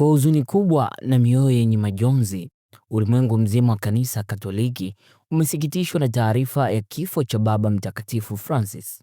Kwa huzuni kubwa na mioyo yenye majonzi, ulimwengu mzima wa Kanisa Katoliki umesikitishwa na taarifa ya kifo cha Baba Mtakatifu Francis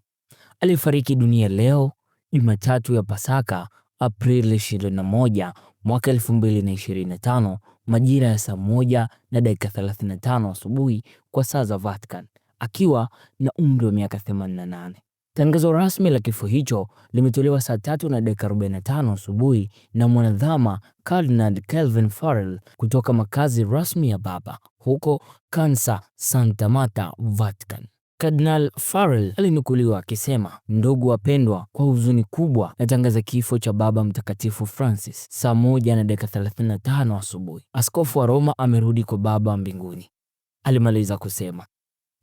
aliyefariki dunia leo Jumatatu ya Pasaka, Aprili 21 mwaka 2025 majira ya saa moja na dakika 35 asubuhi kwa saa za Vatican akiwa na umri wa miaka 88. Tangazo rasmi la kifo hicho limetolewa saa tatu na dakika 45 asubuhi na mwanadhama Cardinal Kelvin Farrell kutoka makazi rasmi ya baba huko kansa Santa Marta, Vatican. Cardinal Farrell alinukuliwa akisema, ndugu wapendwa, kwa huzuni kubwa natangaza kifo cha Baba Mtakatifu Francis saa moja na dakika 35 asubuhi. Askofu wa Roma amerudi kwa Baba mbinguni, alimaliza kusema.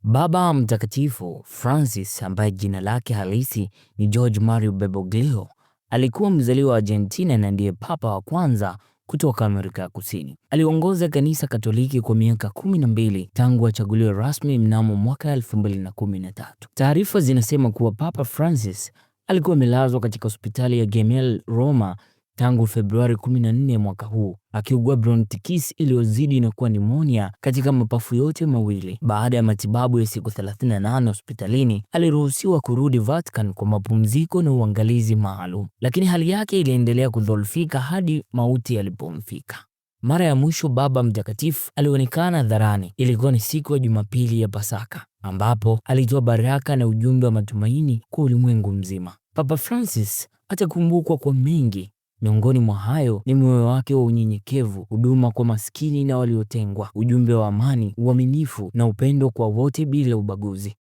Baba Mtakatifu Francis ambaye jina lake halisi ni George Mario Bergoglio alikuwa mzaliwa wa Argentina na ndiye papa wa kwanza kutoka Amerika ya Kusini. Aliongoza kanisa Katoliki kwa miaka 12 tangu achaguliwe rasmi mnamo mwaka 2013. Taarifa zinasema kuwa Papa Francis alikuwa amelazwa katika hospitali ya Gemelli Roma tangu Februari 14 mwaka huu akiugua bronchitis iliyozidi na kuwa nimonia katika mapafu yote mawili. Baada ya matibabu ya siku 38 hospitalini, aliruhusiwa kurudi Vatican kwa mapumziko na uangalizi maalum, lakini hali yake iliendelea kudhoofika hadi mauti yalipomfika. Mara ya mwisho Baba Mtakatifu alionekana hadharani ilikuwa ni siku ya Jumapili ya Pasaka, ambapo alitoa baraka na ujumbe wa matumaini kwa ulimwengu mzima. Papa Francis atakumbukwa kwa mengi Miongoni mwa hayo ni moyo wake wa unyenyekevu, huduma kwa maskini na waliotengwa, ujumbe wa amani, uaminifu na upendo kwa wote bila ubaguzi.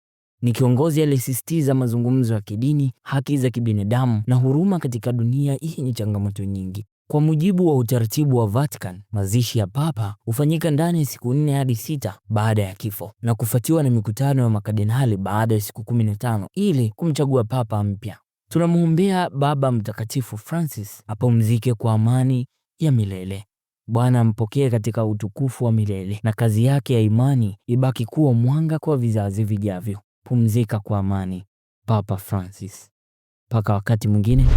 Ni kiongozi aliyesisitiza mazungumzo ya kidini, haki za kibinadamu na huruma katika dunia yenye changamoto nyingi. Kwa mujibu wa utaratibu wa Vatican, mazishi ya papa hufanyika ndani ya siku nne hadi sita baada ya kifo na kufuatiwa na mikutano ya makadinali baada ya siku 15 ili kumchagua papa mpya. Tunamwombea Baba Mtakatifu Francis apumzike kwa amani ya milele. Bwana ampokee katika utukufu wa milele na kazi yake ya imani ibaki kuwa mwanga kwa vizazi vijavyo. Pumzika kwa amani, Papa Francis. Mpaka wakati mwingine.